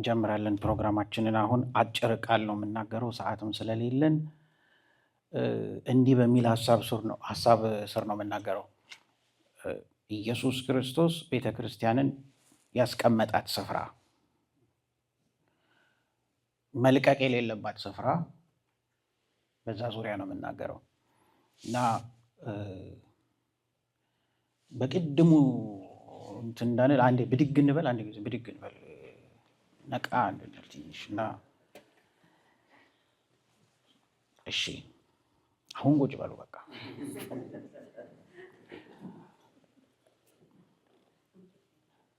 እንጀምራለን ፕሮግራማችንን። አሁን አጭር ቃል ነው የምናገረው ሰዓትም ስለሌለን እንዲህ በሚል ሀሳብ ስር ነው የምናገረው። ኢየሱስ ክርስቶስ ቤተ ክርስቲያንን ያስቀመጣት ስፍራ፣ መልቀቅ የሌለባት ስፍራ፣ በዛ ዙሪያ ነው የምናገረው እና በቅድሙ እንትን እንዳንል አንዴ ብድግ እንበል፣ አንድ ጊዜ ብድግ እንበል። ነቃ እንድንል ትንሽ እና እሺ፣ አሁን ቁጭ በሉ በቃ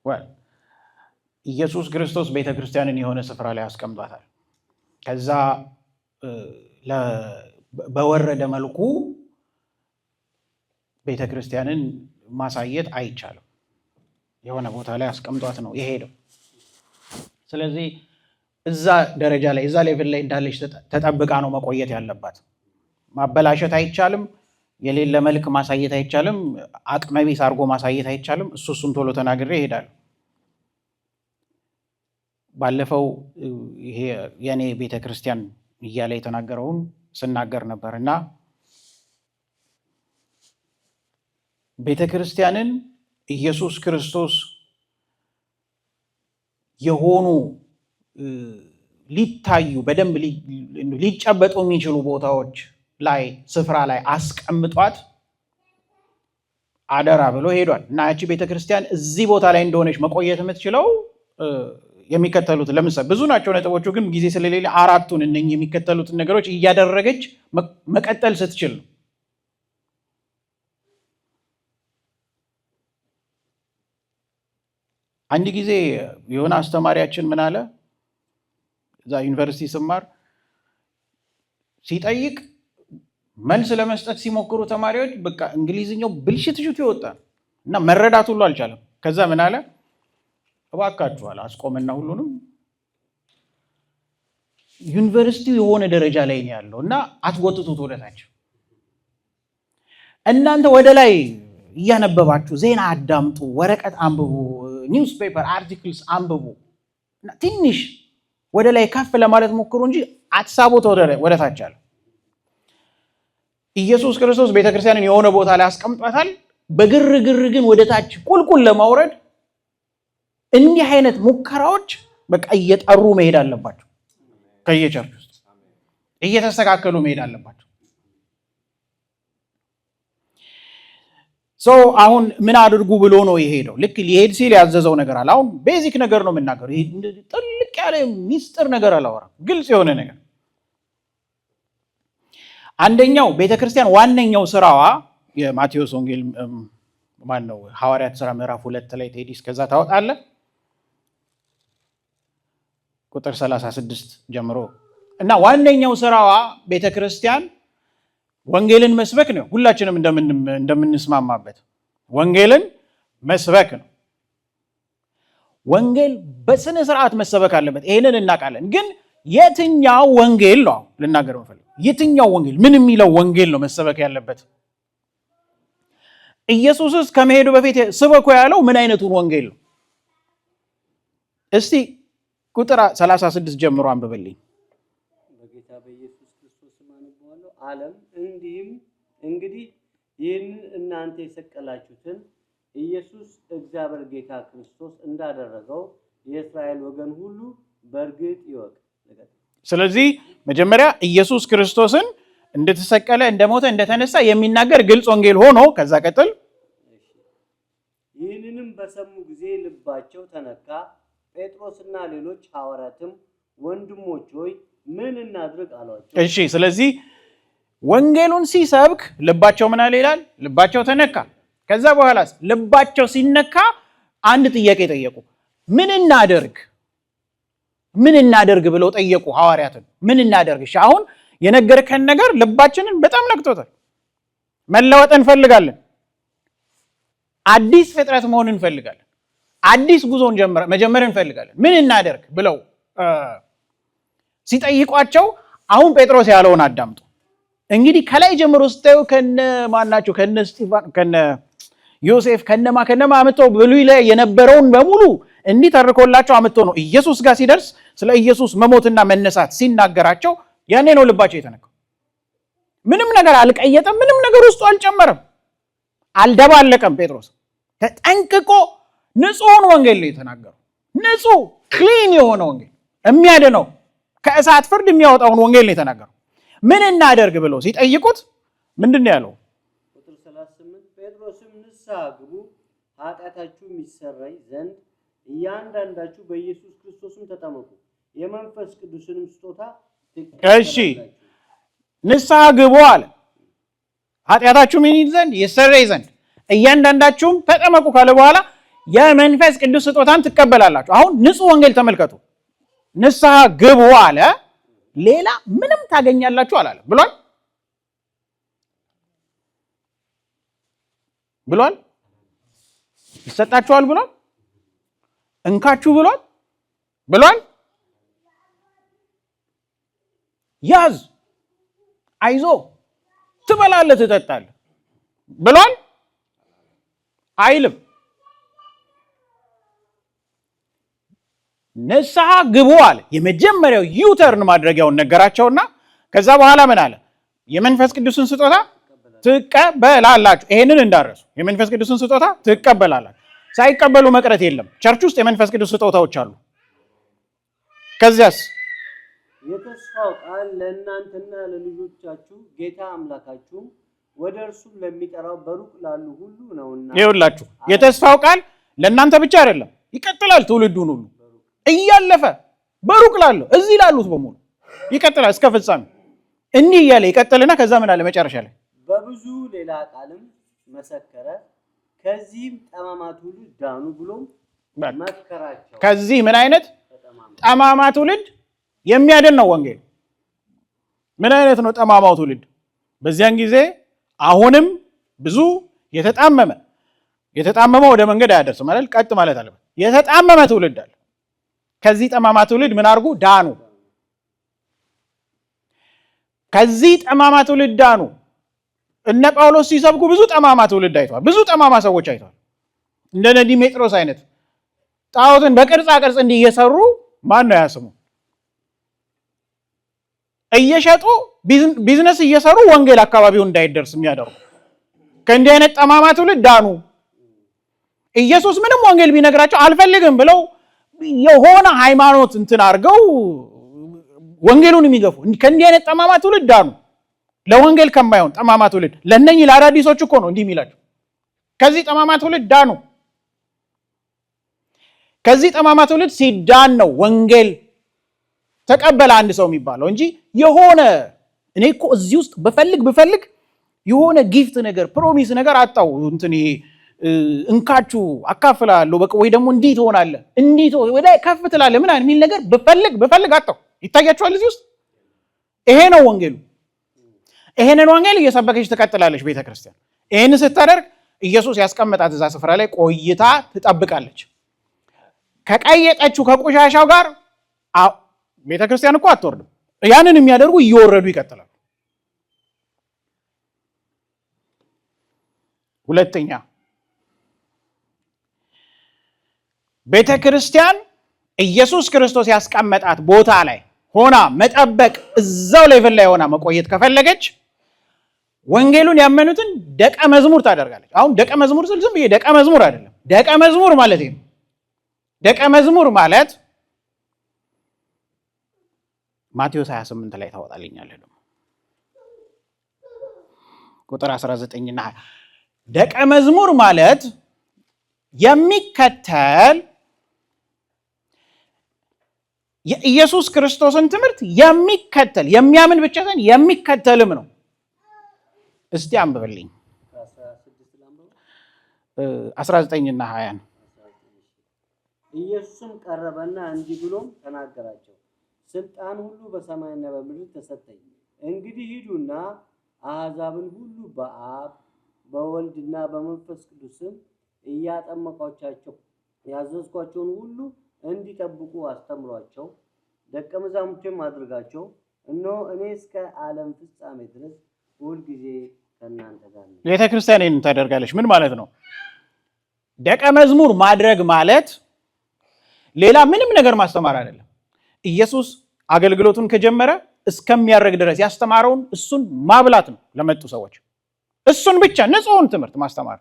ወይ ኢየሱስ ክርስቶስ ቤተ ክርስቲያንን የሆነ ስፍራ ላይ አስቀምጧታል። ከዛ በወረደ መልኩ ቤተ ክርስቲያንን ማሳየት አይቻልም። የሆነ ቦታ ላይ አስቀምጧት ነው የሄደው። ስለዚህ እዛ ደረጃ ላይ እዛ ሌቭል ላይ እንዳለች ተጠብቃ ነው መቆየት ያለባት። ማበላሸት አይቻልም። የሌለ መልክ ማሳየት አይቻልም። አቅመቢስ አድርጎ ማሳየት አይቻልም። እሱ እሱን ቶሎ ተናግሬ ይሄዳል። ባለፈው ይሄ የእኔ ቤተክርስቲያን እያለ የተናገረውን ስናገር ነበር እና ቤተክርስቲያንን ኢየሱስ ክርስቶስ የሆኑ ሊታዩ በደንብ ሊጨበጡ የሚችሉ ቦታዎች ላይ ስፍራ ላይ አስቀምጧት አደራ ብሎ ሄዷል እና ያቺ ቤተክርስቲያን እዚህ ቦታ ላይ እንደሆነች መቆየት የምትችለው የሚከተሉት ለምሳሌ ብዙ ናቸው ነጥቦቹ፣ ግን ጊዜ ስለሌለ አራቱን እነኝህ የሚከተሉትን ነገሮች እያደረገች መቀጠል ስትችል ነው። አንድ ጊዜ የሆነ አስተማሪያችን ምን አለ፣ እዛ ዩኒቨርሲቲ ስማር ሲጠይቅ መልስ ለመስጠት ሲሞክሩ ተማሪዎች በቃ እንግሊዝኛው ብልሽት ሽቱ ይወጣ እና መረዳት ሁሉ አልቻለም። ከዛ ምን አለ፣ እባካችኋል አስቆመና ሁሉንም ዩኒቨርሲቲው የሆነ ደረጃ ላይ ነው ያለው እና አትጎትቱት ወደታች እናንተ ወደ ላይ እያነበባችሁ ዜና አዳምጡ፣ ወረቀት አንብቡ፣ ኒውስ ፔፐር አርቲክልስ አንብቡ። ትንሽ ወደ ላይ ከፍ ለማለት ሞክሩ እንጂ አትሳቦት ወደ ታች አለ። ኢየሱስ ክርስቶስ ቤተክርስቲያንን የሆነ ቦታ ላይ አስቀምጧታል። በግርግር ግን ወደ ታች ቁልቁል ለማውረድ እንዲህ አይነት ሙከራዎች በቃ እየጠሩ መሄድ አለባቸው። ከየቸርች ውስጥ እየተስተካከሉ መሄድ አለባቸው። ሰው አሁን ምን አድርጉ ብሎ ነው የሄደው? ልክ ሊሄድ ሲል ያዘዘው ነገር አለ። አሁን ቤዚክ ነገር ነው የምናገረው። ጥልቅ ያለ ሚስጥር ነገር አላወራም፣ ግልጽ የሆነ ነገር። አንደኛው ቤተክርስቲያን ዋነኛው ስራዋ የማቴዎስ ወንጌል ማን ነው ሐዋርያት ስራ ምዕራፍ ሁለት ላይ ትሄድ እስከዛ ታወጣለ ቁጥር 36 ጀምሮ እና ዋነኛው ስራዋ ቤተክርስቲያን ወንጌልን መስበክ ነው። ሁላችንም እንደምንስማማበት ወንጌልን መስበክ ነው። ወንጌል በስነ ስርዓት መሰበክ አለበት። ይህንን እናውቃለን። ግን የትኛው ወንጌል ነው ልናገር የምፈልገው? የትኛው ወንጌል ምን የሚለው ወንጌል ነው መሰበክ ያለበት? ኢየሱስስ ከመሄዱ በፊት ስበኩ ያለው ምን አይነቱን ወንጌል ነው? እስቲ ቁጥር 36 ጀምሮ አንብበልኝ። በጌታ በኢየሱስ ክርስቶስ እንዲህም እንግዲህ ይህንን እናንተ የሰቀላችሁትን ኢየሱስ እግዚአብሔር ጌታ ክርስቶስ እንዳደረገው የእስራኤል ወገን ሁሉ በእርግጥ ይወቅ። ስለዚህ መጀመሪያ ኢየሱስ ክርስቶስን እንደተሰቀለ እንደሞተ፣ እንደተነሳ የሚናገር ግልጽ ወንጌል ሆኖ ከዛ ቀጥል ይህንንም በሰሙ ጊዜ ልባቸው ተነካ። ጴጥሮስና ሌሎች ሐዋርያትም ወንድሞች ሆይ ምን እናድርግ አሏቸው። እሺ ስለዚህ ወንጌሉን ሲሰብክ ልባቸው ምን አለ ይላል? ልባቸው ተነካ። ከዛ በኋላ ልባቸው ሲነካ አንድ ጥያቄ ጠየቁ። ምን እናደርግ ምን እናደርግ ብለው ጠየቁ ሐዋርያትን። ምን እናደርግ? እሺ አሁን የነገርከን ነገር ልባችንን በጣም ነክቶታል። መለወጥ እንፈልጋለን። አዲስ ፍጥረት መሆን እንፈልጋለን። አዲስ ጉዞን መጀመር እንፈልጋለን። ምን እናደርግ ብለው ሲጠይቋቸው አሁን ጴጥሮስ ያለውን አዳምጡ። እንግዲህ ከላይ ጀምሮ ስታዩ ከነ ማናቸው ከነ እስጢፋን ከነ ዮሴፍ ከነማ ከነማ አምጥቶ ብሉይ ላይ የነበረውን በሙሉ እንዲህ ተርኮላቸው አምጥቶ ነው ኢየሱስ ጋር ሲደርስ ስለ ኢየሱስ መሞትና መነሳት ሲናገራቸው ያኔ ነው ልባቸው የተነካው። ምንም ነገር አልቀየጠም። ምንም ነገር ውስጡ አልጨመረም፣ አልደባለቀም። ጴጥሮስ ተጠንቅቆ ንጹሕን ወንጌል ነው የተናገረው። ንጹሕ ክሊን የሆነ ወንጌል የሚያድነው ከእሳት ፍርድ የሚያወጣውን ወንጌል ነው የተናገረው። ምን እናደርግ ብለው ሲጠይቁት ምንድን ነው ያለው? ቁጥር 38 ጴጥሮስም ንስሐ ግቡ ኃጢአታችሁም ይሰረይ ዘንድ እያንዳንዳችሁ በኢየሱስ ክርስቶስም ተጠመቁ የመንፈስ ቅዱስንም ስጦታ እሺ ንስሐ ግቡ አለ። ኃጢአታችሁ ምን ይል ዘንድ ይሰረይ ዘንድ እያንዳንዳችሁም ተጠመቁ ካለ በኋላ የመንፈስ ቅዱስ ስጦታን ትቀበላላችሁ። አሁን ንጹህ ወንጌል ተመልከቱ። ንስሐ ግቡ አለ ሌላ ምንም ታገኛላችሁ አላለም ብሏል ብሏል ይሰጣችኋል ብሏል እንካችሁ ብሏል ብሏል ያዝ አይዞ ትበላለህ ትጠጣለህ ብሏል አይልም ንስሐ ግቡ አለ። የመጀመሪያው ዩተርን ማድረጊያውን ነገራቸውና ከዛ በኋላ ምን አለ? የመንፈስ ቅዱስን ስጦታ ትቀበላላችሁ። ይሄንን እንዳረሱ የመንፈስ ቅዱስን ስጦታ ትቀበላላችሁ። ሳይቀበሉ መቅረት የለም። ቸርች ውስጥ የመንፈስ ቅዱስ ስጦታዎች አሉ። ከዚያስ የተስፋው ቃል ለእናንተና ለልጆቻችሁ ጌታ አምላካችሁ ወደ እርሱ ለሚጠራው በሩቅ ላሉ ሁሉ ነውና። ይኸውላችሁ የተስፋው ቃል ለእናንተ ብቻ አይደለም፣ ይቀጥላል ትውልዱን ሁሉ እያለፈ በሩቅ ላለው እዚህ ላሉት በሙሉ ይቀጥላል እስከ ፍጻሜ እኒህ እያለ ይቀጥልና ከዛ ምን አለ መጨረሻ ላይ በብዙ ሌላ ቃልም መሰከረ፣ ከዚህም ጠማማ ትውልድ ዳኑ ብሎ መከራቸው። ከዚህ ምን አይነት ጠማማ ትውልድ የሚያድን ነው ወንጌል። ምን አይነት ነው ጠማማው ትውልድ? በዚያን ጊዜ አሁንም ብዙ የተጣመመ የተጣመመ ወደ መንገድ አያደርስም ማለት ቀጥ ማለት አለበት። የተጣመመ ትውልድ አለ። ከዚህ ጠማማ ትውልድ ምን አድርጉ ዳኑ። ከዚህ ጠማማ ትውልድ ዳኑ። እነ ጳውሎስ ሲሰብኩ ብዙ ጠማማ ትውልድ አይተዋል። ብዙ ጠማማ ሰዎች አይተዋል። እንደነ ዲሜጥሮስ አይነት ጣዖትን በቅርጻ ቅርጽ እንዲህ እየሰሩ ማን ነው ያስሙ እየሸጡ ቢዝነስ እየሰሩ ወንጌል አካባቢውን እንዳይደርስ የሚያደርጉ ከእንዲህ አይነት ጠማማ ትውልድ ዳኑ። ኢየሱስ ምንም ወንጌል ቢነግራቸው አልፈልግም ብለው የሆነ ሃይማኖት እንትን አድርገው ወንጌሉን የሚገፉ ከእንዲህ አይነት ጠማማ ትውልድ አሉ። ለወንጌል ከማይሆን ጠማማ ትውልድ ለእነኝህ ለአዳዲሶች እኮ ነው እንዲህ የሚላቸው። ከዚህ ጠማማ ትውልድ ዳኑ። ከዚህ ጠማማ ትውልድ ሲዳን ነው ወንጌል ተቀበለ አንድ ሰው የሚባለው እንጂ የሆነ እኔ እኮ እዚህ ውስጥ ብፈልግ ብፈልግ የሆነ ጊፍት ነገር ፕሮሚስ ነገር አጣው እንትን ይሄ እንካችሁ አካፍላለሁ፣ በቃ ወይ ደግሞ እንዲህ ትሆናለህ፣ እንዲህ ወደ ከፍ ትላለህ ምናምን የሚል ነገር ብፈልግ ብፈልግ አጣው። ይታያችኋል እዚህ ውስጥ ይሄ ነው ወንጌሉ። ይሄንን ወንጌል እየሰበከች ትቀጥላለች ቤተክርስቲያን ይህን ስታደርግ ኢየሱስ ያስቀመጣት እዛ ስፍራ ላይ ቆይታ ትጠብቃለች። ከቀየጠችው ከቆሻሻው ጋር ቤተክርስቲያን እኮ አትወርድም። ያንን የሚያደርጉ እየወረዱ ይቀጥላል ሁለተኛ ቤተ ክርስቲያን ኢየሱስ ክርስቶስ ያስቀመጣት ቦታ ላይ ሆና መጠበቅ እዛው ሌቭል ላይ ሆና መቆየት ከፈለገች ወንጌሉን ያመኑትን ደቀ መዝሙር ታደርጋለች። አሁን ደቀ መዝሙር ስል ዝም ብዬ ደቀ መዝሙር አይደለም፣ ደቀ መዝሙር ማለት ነው። ደቀ መዝሙር ማለት ማቴዎስ 28 ላይ ታወጣልኛለህ ደግሞ ቁጥር 19 ደቀ መዝሙር ማለት የሚከተል የኢየሱስ ክርስቶስን ትምህርት የሚከተል የሚያምን ብቻ ሳይሆን የሚከተልም ነው። እስቲ አንብብልኝ 19ና 20 ኢየሱስም ቀረበና እንዲህ ብሎም ተናገራቸው፣ ስልጣን ሁሉ በሰማይና በምድር ተሰጠኝ። እንግዲህ ሂዱና አሕዛብን ሁሉ በአብ በወልድና በመንፈስ ቅዱስም እያጠመቃቸው ያዘዝኳቸውን ሁሉ እንዲጠብቁ አስተምሯቸው፣ ደቀ መዛሙርቴም አድርጋቸው። እነሆ እኔ እስከ ዓለም ፍጻሜ ድረስ ሁልጊዜ ከእናንተ ጋር ነኝ። ቤተ ክርስቲያን ይህን ታደርጋለች። ምን ማለት ነው? ደቀ መዝሙር ማድረግ ማለት ሌላ ምንም ነገር ማስተማር አይደለም። ኢየሱስ አገልግሎቱን ከጀመረ እስከሚያደርግ ድረስ ያስተማረውን እሱን ማብላት ነው ለመጡ ሰዎች እሱን ብቻ ንጹሑን ትምህርት ማስተማር።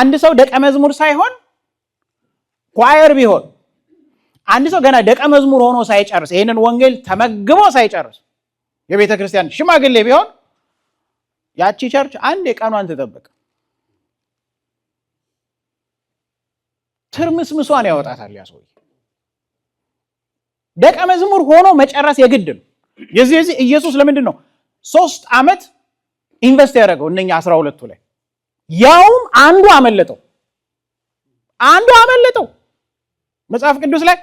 አንድ ሰው ደቀ መዝሙር ሳይሆን ኳየር ቢሆን አንድ ሰው ገና ደቀ መዝሙር ሆኖ ሳይጨርስ ይህንን ወንጌል ተመግቦ ሳይጨርስ የቤተ ክርስቲያን ሽማግሌ ቢሆን ያቺ ቸርች አንድ የቀኗን ትጠብቅ፣ ትርምስምሷን ያወጣታል። ያ ሰው ደቀ መዝሙር ሆኖ መጨረስ የግድ ነው። የዚህ የዚህ ኢየሱስ ለምንድን ነው ሶስት ዓመት ኢንቨስት ያደረገው እነኛ አስራ ሁለቱ ላይ ያውም አንዱ አመለጠው አንዱ አመለጠው። መጽሐፍ ቅዱስ ላይ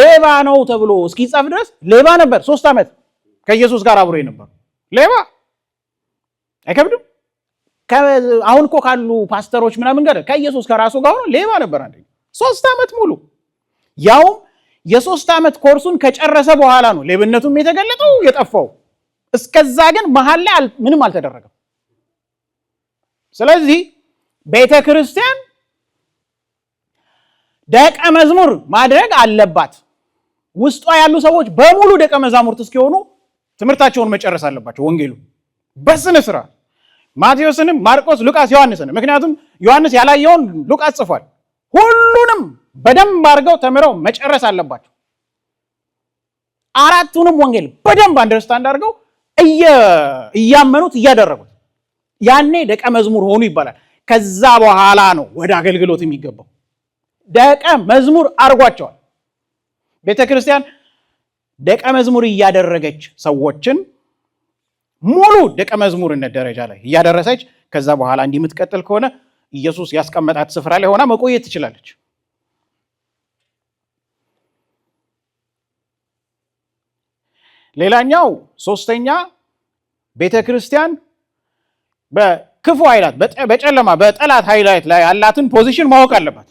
ሌባ ነው ተብሎ እስኪጻፍ ድረስ ሌባ ነበር። ሶስት ዓመት ከኢየሱስ ጋር አብሮ የነበሩ ሌባ አይከብድም። አሁን እኮ ካሉ ፓስተሮች ምናምን ጋር ከኢየሱስ ከራሱ ጋር ሆኖ ሌባ ነበር። አንደኛ ሶስት ዓመት ሙሉ ያውም የሶስት ዓመት ኮርሱን ከጨረሰ በኋላ ነው ሌብነቱም የተገለጠው የጠፋው። እስከዛ ግን መሀል ላይ ምንም አልተደረገም። ስለዚህ ቤተ ክርስቲያን ደቀ መዝሙር ማድረግ አለባት። ውስጧ ያሉ ሰዎች በሙሉ ደቀ መዛሙርት እስኪሆኑ ትምህርታቸውን መጨረስ አለባቸው። ወንጌሉ በስነ ስራ ማቴዎስንም፣ ማርቆስ፣ ሉቃስ፣ ዮሐንስንም ምክንያቱም ዮሐንስ ያላየውን ሉቃስ ጽፏል። ሁሉንም በደንብ አድርገው ተምረው መጨረስ አለባቸው። አራቱንም ወንጌል በደንብ አንደርስታንድ አድርገው እያመኑት እያደረጉት ያኔ ደቀ መዝሙር ሆኑ ይባላል። ከዛ በኋላ ነው ወደ አገልግሎት የሚገባው። ደቀ መዝሙር አድርጓቸዋል። ቤተ ክርስቲያን ደቀ መዝሙር እያደረገች ሰዎችን ሙሉ ደቀ መዝሙርነት ደረጃ ላይ እያደረሰች ከዛ በኋላ እንዲህ የምትቀጥል ከሆነ ኢየሱስ ያስቀመጣት ስፍራ ላይ ሆና መቆየት ትችላለች። ሌላኛው ሶስተኛ ቤተ ክርስቲያን በክፉ ኃይላት፣ በጨለማ በጠላት ኃይላት ላይ ያላትን ፖዚሽን ማወቅ አለባት።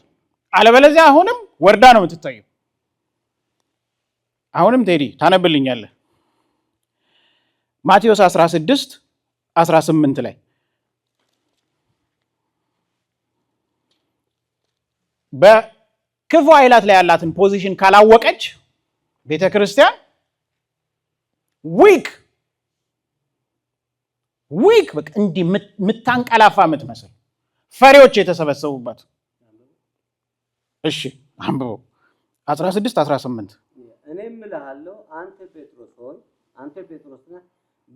አለበለዚያ አሁንም ወርዳ ነው የምትታየው። አሁንም ቴዲ ታነብልኛለህ። ማቴዎስ 16 18 ላይ በክፉ ኃይላት ላይ ያላትን ፖዚሽን ካላወቀች ቤተ ክርስቲያን ዊክ ዊክ በቃ እንዲህ የምታንቀላፋ የምትመስል ፈሪዎች የተሰበሰቡበት እሺ አንብበው 16 18 እኔም እልሃለሁ አንተ ጴጥሮስ ሆይ አንተ ጴጥሮስ ነህ፣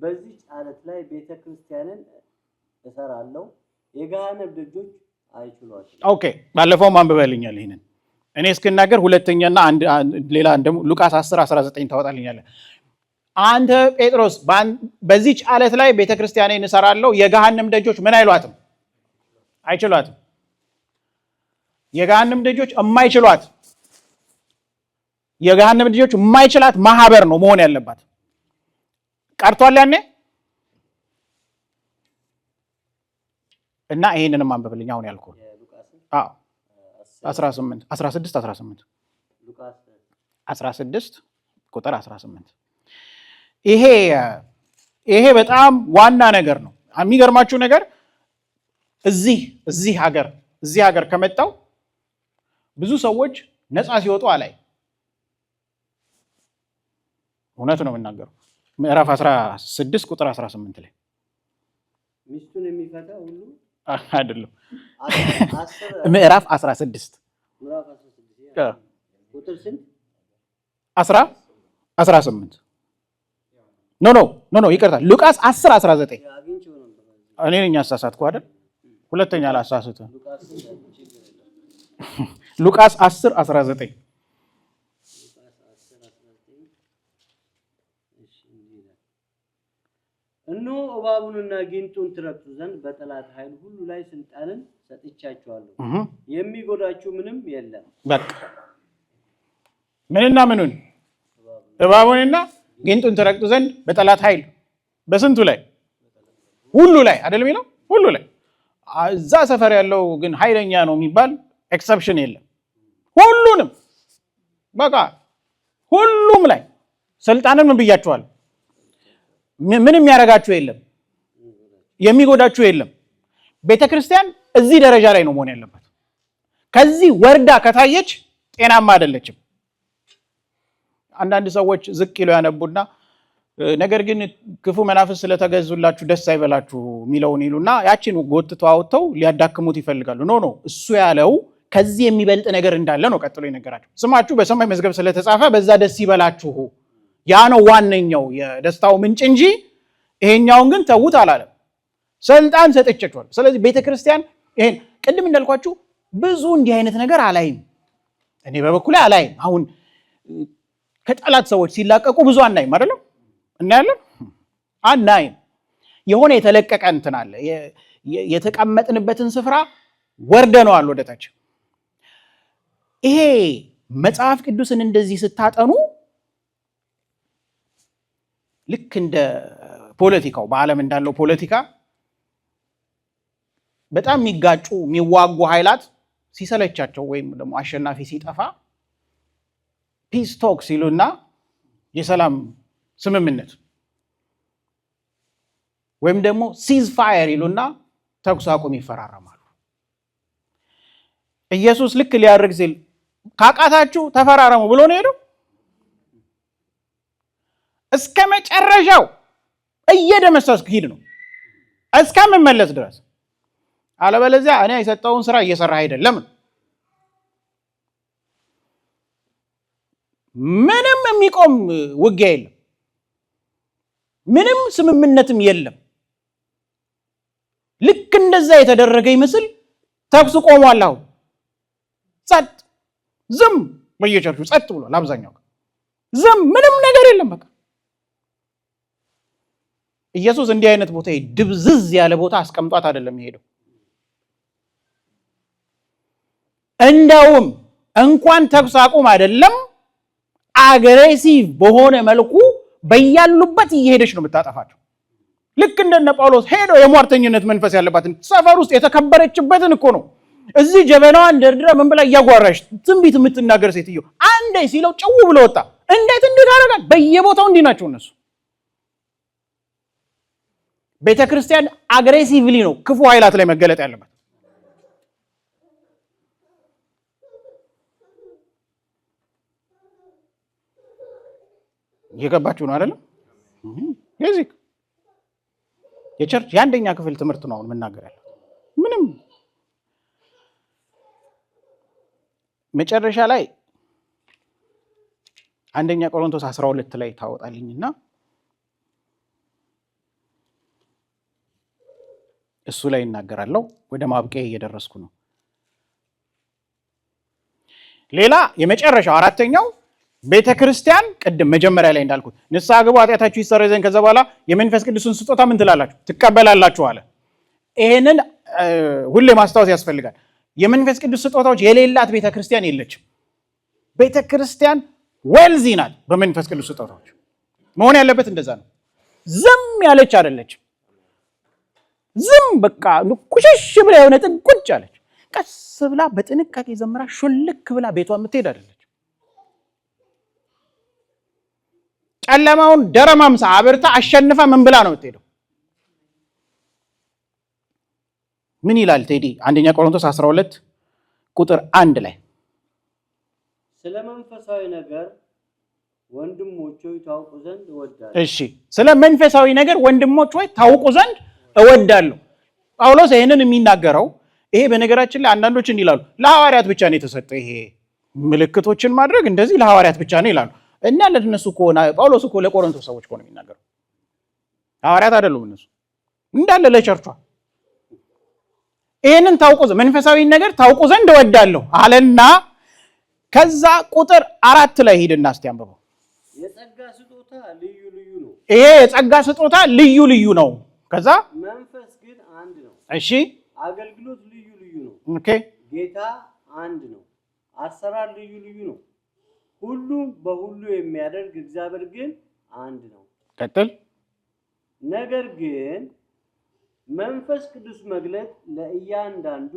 በዚህ ዓለት ላይ ቤተ ክርስቲያንን እሰራለሁ፣ የገሃነም ደጆች አይችሏትም። ኦኬ ባለፈውም አንብበልኛል ይህንን እኔ እስክናገር ሁለተኛና ሌላ ሉቃስ 10 19 ታወጣልኛለህ። አንተ ጴጥሮስ በዚች ዓለት ላይ ቤተክርስቲያን እንሰራለው የገሃነም ደጆች ምን አይሏትም አይችሏትም። የገሃነም ደጆች የማይችሏት የገሃነም ደጆች የማይችላት ማህበር ነው መሆን ያለባት። ቀርቷል ያኔ እና ይሄንንም አንብብልኝ አሁን ያልኩህ። አዎ ቁጥር ይሄ ይሄ በጣም ዋና ነገር ነው። የሚገርማችሁ ነገር እዚህ እዚህ ሀገር እዚህ ሀገር ከመጣው ብዙ ሰዎች ነፃ ሲወጡ አላይ እውነት ነው የምናገሩ ምዕራፍ 16 ቁጥር 18 ላይ ሚስቱን የሚፈታ ሁሉ አይደለም። ምዕራፍ 16 18 ኖ ኖ ኖ ኖ ይቀርታል። ሉቃስ 10 19 እኔ ነኝ አሳሳትኩ አይደል? ሁለተኛ ላሳስተ ሉቃስ 10 19 እነሆ እባቡንና ጊንጡን ትረግጡ ዘንድ በጠላት ኃይል ሁሉ ላይ ስልጣንን ሰጥቻችኋለሁ፣ የሚጎዳችሁ ምንም የለም። በቃ ምንና ምኑን? እባቡንና ጊንጡን ትረግጡ ዘንድ በጠላት ኃይል በስንቱ ላይ? ሁሉ ላይ አይደል የሚለው ሁሉ ላይ። እዛ ሰፈር ያለው ግን ኃይለኛ ነው የሚባል ኤክሰፕሽን የለም። ሁሉንም በቃ ሁሉም ላይ ስልጣንን ምን ብያችኋል? ምንም የሚያደርጋችሁ የለም፣ የሚጎዳችሁ የለም። ቤተ ክርስቲያን እዚህ ደረጃ ላይ ነው መሆን ያለበት። ከዚህ ወርዳ ከታየች ጤናማ አይደለችም። አንዳንድ ሰዎች ዝቅ ይለው ያነቡና ነገር ግን ክፉ መናፍስ ስለተገዙላችሁ ደስ አይበላችሁ የሚለውን ይሉና ያችን ጎትተው አውጥተው ሊያዳክሙት ይፈልጋሉ። ኖ ኖ እሱ ያለው ከዚህ የሚበልጥ ነገር እንዳለ ነው ቀጥሎ የነገራቸው። ስማችሁ በሰማይ መዝገብ ስለተጻፈ በዛ ደስ ይበላችሁ። ያ ነው ዋነኛው የደስታው ምንጭ እንጂ ይሄኛውን ግን ተዉት አላለም። ስልጣን ሰጥቻችኋል። ስለዚህ ቤተክርስቲያን ይሄን ቅድም እንዳልኳችሁ ብዙ እንዲህ አይነት ነገር አላይም፣ እኔ በበኩሌ አላይም። አሁን ከጠላት ሰዎች ሲላቀቁ ብዙ አናይም አይደለም፣ እናያለን፣ አናይም። የሆነ የተለቀቀ እንትን አለ። የተቀመጥንበትን ስፍራ ወርደነዋል ወደታች ይሄ መጽሐፍ ቅዱስን እንደዚህ ስታጠኑ ልክ እንደ ፖለቲካው በዓለም እንዳለው ፖለቲካ በጣም የሚጋጩ የሚዋጉ ኃይላት ሲሰለቻቸው ወይም ደግሞ አሸናፊ ሲጠፋ ፒስ ቶክ ሲሉና የሰላም ስምምነት ወይም ደግሞ ሲዝ ፋየር ይሉና ተኩስ አቁም ይፈራረማሉ። ኢየሱስ ልክ ሊያደርግ ሲል ካቃታችሁ ተፈራረሙ ብሎ ነው ሄደው እስከ መጨረሻው እየደመሰስክ ሂድ ነው እስከምመለስ ድረስ። አለበለዚያ እኔ የሰጠውን ስራ እየሰራ አይደለም። ምንም የሚቆም ውጊያ የለም። ምንም ስምምነትም የለም። ልክ እንደዛ የተደረገ ይመስል ተኩስ ቆሟል። አሁን ጸጥ ዝም በየጨርቹ ጸጥ ብሏል። ለአብዛኛው ዝም ምንም ነገር የለም። በቃ ኢየሱስ እንዲህ አይነት ቦታ ድብዝዝ ያለ ቦታ አስቀምጧት አይደለም የሄደው። እንደውም እንኳን ተኩስ አቁም አይደለም አግሬሲቭ በሆነ መልኩ በያሉበት እየሄደች ነው የምታጠፋቸው። ልክ እንደነ ጳውሎስ ሄዶ የሟርተኝነት መንፈስ ያለባትን ሰፈር ውስጥ የተከበረችበትን እኮ ነው እዚህ ጀበናዋን ደርድረ ምን ብላ እያጓራሽ ትንቢት የምትናገር ሴትዮ አንዴ ሲለው ጭው ብሎ ወጣ። እንዴት እንዴት አደረጋል። በየቦታው እንዲህ ናቸው እነሱ። ቤተ ክርስቲያን አግሬሲቭሊ ነው ክፉ ኃይላት ላይ መገለጥ ያለበት። እየገባችሁ ነው አይደለም? ቤዚክ የቸርች የአንደኛ ክፍል ትምህርት ነው አሁን የምናገር ያለው። መጨረሻ ላይ አንደኛ ቆሮንቶስ 12 ላይ ታወጣልኝና እሱ ላይ እናገራለሁ። ወደ ማብቂያ እየደረስኩ ነው። ሌላ የመጨረሻው አራተኛው ቤተ ክርስቲያን ቅድም መጀመሪያ ላይ እንዳልኩት ንስሐ ግቡ ኃጢአታችሁ ይሰረይ ዘንድ ከዛ በኋላ የመንፈስ ቅዱስን ስጦታ ምን ትላላችሁ? ትቀበላላችሁ አለ። ይህንን ሁሌ ማስታወስ ያስፈልጋል። የመንፈስ ቅዱስ ስጦታዎች የሌላት ቤተ ክርስቲያን የለችም። ቤተ ክርስቲያን ዌልዚ በመንፈስ ቅዱስ ስጦታዎች። መሆን ያለበት እንደዛ ነው። ዝም ያለች አይደለችም። ዝም በቃ ኩሽሽ ብላ የሆነ ጥንቁጭ አለች፣ ቀስ ብላ በጥንቃቄ ዘምራ ሹልክ ብላ ቤቷ የምትሄድ አይደለች። ጨለማውን ደረማምሳ አብርታ አሸንፋ ምን ብላ ነው የምትሄደው? ምን ይላል ቴዲ? አንደኛ ቆሮንቶስ 12 ቁጥር አንድ ላይ ስለ መንፈሳዊ ነገር ወንድሞች ታውቁ ዘንድ እወዳለሁ። እሺ፣ ስለ መንፈሳዊ ነገር ወንድሞች ሆይ ታውቁ ዘንድ እወዳለሁ። ጳውሎስ ይህንን የሚናገረው ይሄ በነገራችን ላይ አንዳንዶች እንዲላሉ ለሐዋርያት ብቻ ነው የተሰጠ ይሄ ምልክቶችን ማድረግ እንደዚህ ለሐዋርያት ብቻ ነው ይላሉ። እና ለነሱ ከሆነ ጳውሎስ እኮ ለቆሮንቶስ ሰዎች ከሆነ የሚናገረው ሐዋርያት አይደሉም እነሱ እንዳለ ለቸርቿ ይህንን ታውቁ መንፈሳዊ ነገር ታውቁ ዘንድ እወዳለሁ አለና ከዛ ቁጥር አራት ላይ ሂድና እስቲ አንብበው። ይሄ የጸጋ ስጦታ ልዩ ልዩ ነው። ከዛ መንፈስ ግን አንድ ነው። እሺ አገልግሎት ልዩ ልዩ ነው። ኦኬ ጌታ አንድ ነው። አሰራር ልዩ ልዩ ነው። ሁሉም በሁሉ የሚያደርግ እግዚአብሔር ግን አንድ ነው። ቀጥል ነገር ግን መንፈስ ቅዱስ መግለጥ ለእያንዳንዱ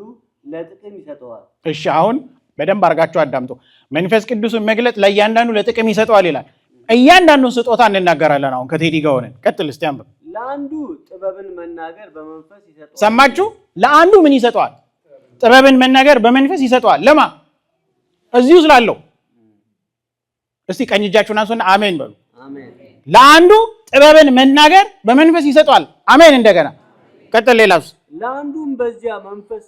ለጥቅም ይሰጠዋል። እሺ አሁን በደንብ አድርጋችሁ አዳምጦ መንፈስ ቅዱስን መግለጥ ለእያንዳንዱ ለጥቅም ይሰጠዋል ይላል። እያንዳንዱን ስጦታ እንናገራለን። አሁን ከቴዲ ጋር ሆነን ቀጥል እስቲ አንብብ። ለአንዱ ጥበብን መናገር በመንፈስ ይሰጠዋል። ሰማችሁ? ለአንዱ ምን ይሰጠዋል? ጥበብን መናገር በመንፈስ ይሰጠዋል። ለማ እዚሁ ስላለው እስቲ ቀኝ እጃችሁን አንሱና አሜን በሉ። ለአንዱ ጥበብን መናገር በመንፈስ ይሰጠዋል። አሜን። እንደገና ቀጥል። ሌላውስ? ለአንዱም በዚያ መንፈስ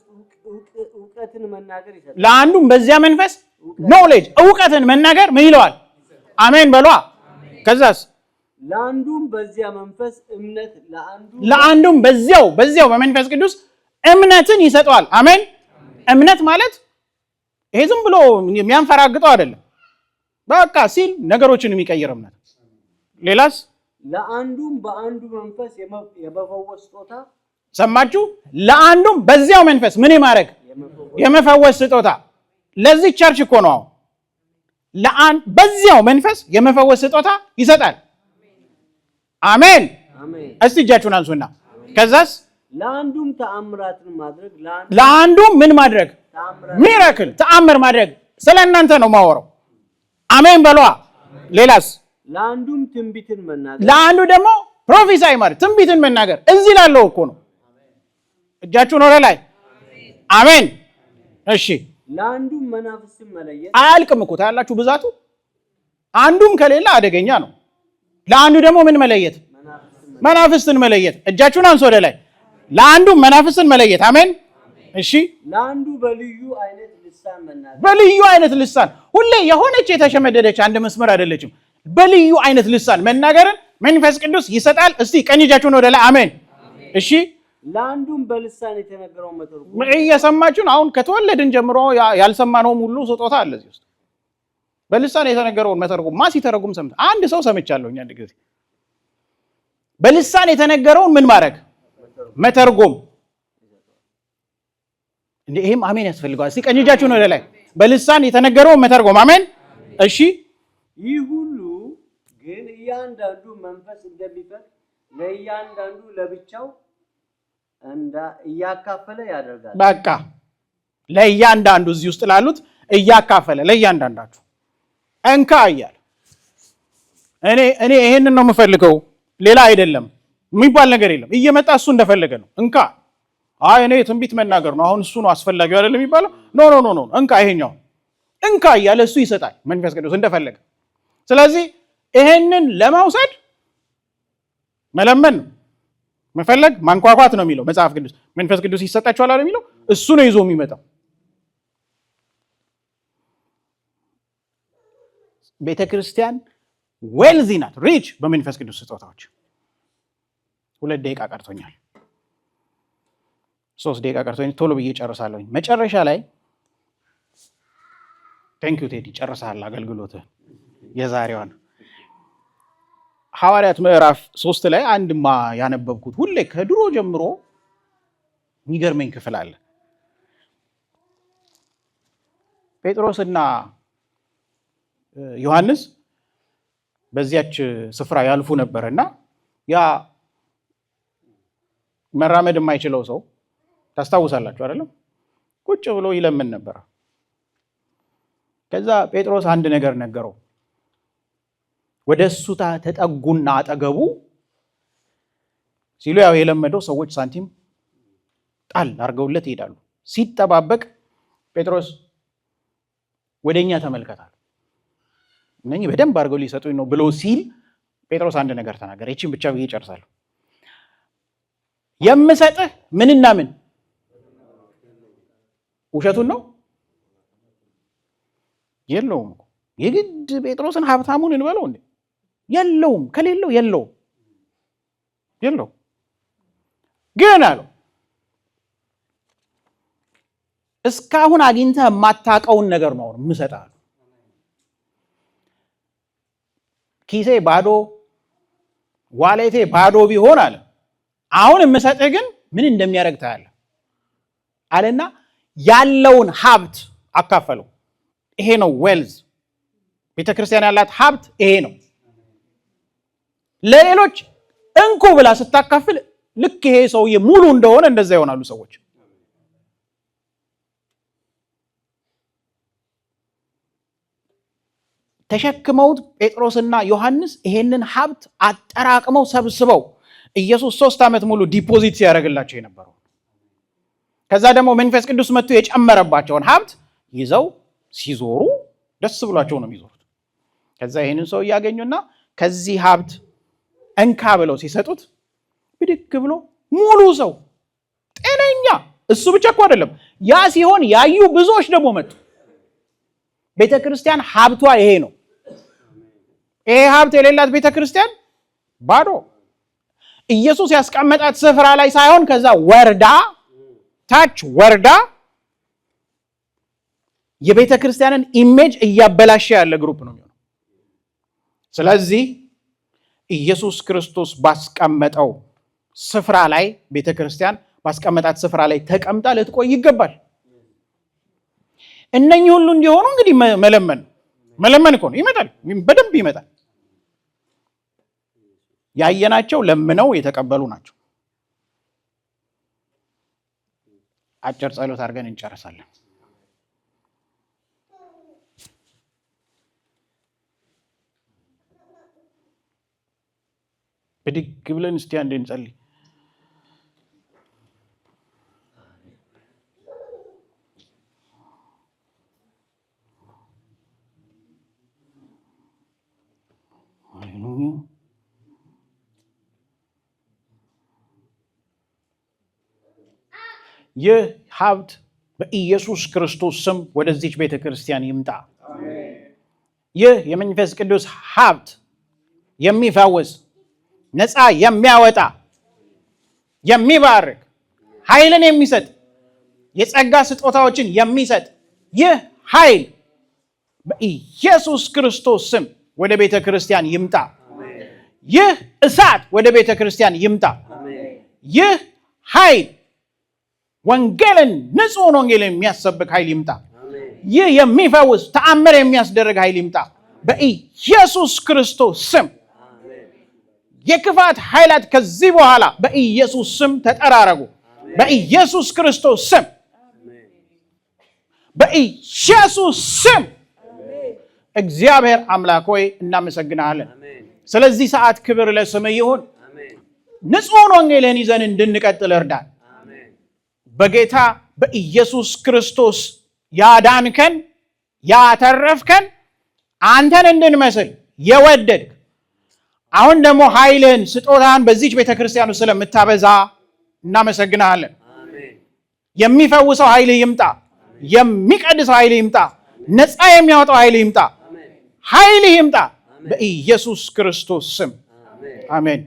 እውቀትን መናገር ይሰጣል። ለአንዱም በዚያ መንፈስ ኖሌጅ እውቀትን መናገር ምን ይለዋል? አሜን በሏ። ከዛስ? ለአንዱም በዚያ መንፈስ እምነት ለአንዱም በዚያው በዚያው በመንፈስ ቅዱስ እምነትን ይሰጠዋል። አሜን። እምነት ማለት ይሄ ዝም ብሎ የሚያንፈራግጠው አይደለም። በቃ ሲል ነገሮችን የሚቀይር እምነት። ሌላስ? ለአንዱም በአንዱ መንፈስ የመፈወስ ስጦታ ሰማችሁ። ለአንዱም በዚያው መንፈስ ምን ማድረግ የመፈወስ ስጦታ ለዚህ ቸርች እኮ ነው። አሁን በዚያው መንፈስ የመፈወስ ስጦታ ይሰጣል። አሜን። እስቲ እጃችሁን አንሱና ከዛስ ለአንዱም ተአምራትን ማድረግ ለአንዱም ምን ማድረግ ሚራክል ተአምር ማድረግ። ስለ እናንተ ነው ማወረው? አሜን በሏ። ሌላስ ለአንዱም ትንቢትን መናገር ለአንዱ ደግሞ ፕሮፌሳይ ማድረግ ትንቢትን መናገር እዚህ ላለው እኮ ነው እጃችሁን ወደ ላይ አሜን። እሺ ለአንዱም መናፍስትን መለየት አያልቅም እኮ ታያላችሁ፣ ብዛቱ አንዱም ከሌለ አደገኛ ነው። ለአንዱ ደግሞ ምን መለየት? መናፍስትን መለየት። እጃችሁን አንሶ ወደ ላይ ለአንዱም መናፍስትን መለየት አሜን። እሺ ለአንዱ በልዩ አይነት ልሳን መናገር በልዩ አይነት ልሳን ሁሌ የሆነች የተሸመደደች አንድ መስመር አይደለችም። በልዩ አይነት ልሳን መናገርን መንፈስ ቅዱስ ይሰጣል። እስቲ ቀኝ እጃችሁን ወደ ላይ አሜን። እሺ ለአንዱም በልሳን የተነገረው መተርጎም እየሰማችሁ አሁን ከተወለድን ጀምሮ ያልሰማነውም ሁሉ ስጦታ አለ እዚህ ውስጥ። በልሳን የተነገረውን መተርጎም ማ ሲተረጉም ሰምተህ አንድ ሰው ሰምቻለሁ። አንድ ጊዜ በልሳን የተነገረውን ምን ማድረግ መተርጎም። እንደ ይሄም አሜን ያስፈልገዋል። እስኪ ቀኝ እጃችሁን ወደ ላይ። በልሳን የተነገረውን መተርጎም አሜን። እሺ ይህ ሁሉ ግን እያንዳንዱ መንፈስ እንደሚፈቅድ ለእያንዳንዱ ለብቻው እያካፈለ ያደርጋል። በቃ ለእያንዳንዱ እዚህ ውስጥ ላሉት እያካፈለ ለእያንዳንዳችሁ እንካ እያለ እኔ እኔ ይሄንን ነው የምፈልገው ሌላ አይደለም የሚባል ነገር የለም። እየመጣ እሱ እንደፈለገ ነው እንካ። አይ እኔ ትንቢት መናገር ነው አሁን እሱ ነው አስፈላጊው አይደለም የሚባለው። ኖ ኖ ኖ ኖ እንካ፣ ይሄኛው እንካ እያለ እሱ ይሰጣል መንፈስ ቅዱስ እንደፈለገ። ስለዚህ ይሄንን ለማውሰድ መለመን ነው። መፈለግ ማንኳኳት ነው የሚለው መጽሐፍ ቅዱስ። መንፈስ ቅዱስ ይሰጣችኋል አለ የሚለው እሱ ነው ይዞ የሚመጣው። ቤተ ክርስቲያን ዌልዚ ናት፣ ሪች በመንፈስ ቅዱስ ስጦታዎች። ሁለት ደቂቃ ቀርቶኛል፣ ሶስት ደቂቃ ቀርቶኛል። ቶሎ ብዬ ጨርሳለሁኝ። መጨረሻ ላይ ቴንኪው ቴዲ ጨርሳል አገልግሎት የዛሬዋን ሐዋርያት ምዕራፍ ሶስት ላይ አንድማ ያነበብኩት ሁሌ ከድሮ ጀምሮ የሚገርመኝ ክፍል አለ። ጴጥሮስና ዮሐንስ በዚያች ስፍራ ያልፉ ነበር እና ያ መራመድ የማይችለው ሰው ታስታውሳላችሁ አይደለም? ቁጭ ብሎ ይለምን ነበር። ከዛ ጴጥሮስ አንድ ነገር ነገረው። ወደ እሱ ተጠጉና አጠገቡ ሲሉ ያው የለመደው ሰዎች ሳንቲም ጣል አድርገውለት ይሄዳሉ። ሲጠባበቅ ጴጥሮስ ወደ እኛ ተመልከታል፣ እነኚህ በደንብ አድርገው ሊሰጡኝ ነው ብሎ ሲል ጴጥሮስ አንድ ነገር ተናገረ። ይችን ብቻ ብዬ የምሰጥህ ምንና ምን ውሸቱን ነው የለውም። የግድ ጴጥሮስን ሀብታሙን እንበለው እንዴ? የለውም። ከሌለው የለውም የለው ግን አለው እስካሁን አግኝተህ የማታቀውን ነገር ነው ምሰጣ ኪሴ ባዶ ዋሌቴ ባዶ ቢሆን አለ አሁን የምሰጥህ ግን ምን እንደሚያደረግ ታያለ አለና ያለውን ሀብት አካፈለው። ይሄ ነው ዌልዝ ቤተክርስቲያን ያላት ሀብት ይሄ ነው። ለሌሎች እንኩ ብላ ስታካፍል ልክ ይሄ ሰውዬ ሙሉ እንደሆነ እንደዛ ይሆናሉ ሰዎች። ተሸክመውት ጴጥሮስና ዮሐንስ ይሄንን ሀብት አጠራቅመው ሰብስበው ኢየሱስ ሶስት ዓመት ሙሉ ዲፖዚት ሲያደርግላቸው የነበረው ከዛ ደግሞ መንፈስ ቅዱስ መጥቶ የጨመረባቸውን ሀብት ይዘው ሲዞሩ ደስ ብሏቸው ነው የሚዞሩት። ከዛ ይህንን ሰው እያገኙና ከዚህ ሀብት እንካ ብለው ሲሰጡት ብድግ ብሎ ሙሉ ሰው ጤነኛ። እሱ ብቻ እኮ አይደለም፣ ያ ሲሆን ያዩ ብዙዎች ደግሞ መጡ። ቤተ ክርስቲያን ሀብቷ ይሄ ነው። ይሄ ሀብት የሌላት ቤተ ክርስቲያን ባዶ። ኢየሱስ ያስቀመጣት ስፍራ ላይ ሳይሆን ከዛ ወርዳ ታች ወርዳ የቤተ ክርስቲያንን ኢሜጅ እያበላሸ ያለ ግሩፕ ነው የሚሆነው። ስለዚህ ኢየሱስ ክርስቶስ ባስቀመጠው ስፍራ ላይ ቤተ ክርስቲያን ባስቀመጣት ስፍራ ላይ ተቀምጣ ልትቆይ ይገባል። እነኚህ ሁሉ እንዲሆኑ እንግዲህ መለመን መለመን እኮ ነው። ይመጣል፣ በደንብ ይመጣል። ያየናቸው ለምነው የተቀበሉ ናቸው። አጭር ጸሎት አድርገን እንጨርሳለን። ብድግ ብለን እስቲ አንዴ እንጸልይ። ይህ ሀብት በኢየሱስ ክርስቶስ ስም ወደዚች ቤተ ክርስቲያን ይምጣ። ይህ የመንፈስ ቅዱስ ሀብት የሚፈውስ ነፃ የሚያወጣ የሚባርክ ኃይልን የሚሰጥ የጸጋ ስጦታዎችን የሚሰጥ ይህ ኃይል በኢየሱስ ክርስቶስ ስም ወደ ቤተ ክርስቲያን ይምጣ። ይህ እሳት ወደ ቤተ ክርስቲያን ይምጣ። ይህ ኃይል ወንጌልን፣ ንጹሕን ወንጌል የሚያሰብክ ኃይል ይምጣ። ይህ የሚፈውስ ተአምር የሚያስደርግ ኃይል ይምጣ በኢየሱስ ክርስቶስ ስም። የክፋት ኃይላት ከዚህ በኋላ በኢየሱስ ስም ተጠራረጉ። በኢየሱስ ክርስቶስ ስም፣ በኢየሱስ ስም። እግዚአብሔር አምላክ ሆይ እናመሰግናለን። ስለዚህ ሰዓት ክብር ለስም ይሁን። ንጹሕን ወንጌልህን ይዘን እንድንቀጥል እርዳን። በጌታ በኢየሱስ ክርስቶስ ያዳንከን ያተረፍከን አንተን እንድንመስል የወደድክ አሁን ደግሞ ኃይልን ስጦታን በዚች ቤተ ክርስቲያን ውስጥ ስለምታበዛ እናመሰግናለን። የሚፈውሰው ኃይል ይምጣ፣ የሚቀድሰው ኃይል ይምጣ፣ ነፃ የሚያወጣው ኃይል ይምጣ፣ ኃይል ይምጣ በኢየሱስ ክርስቶስ ስም አሜን።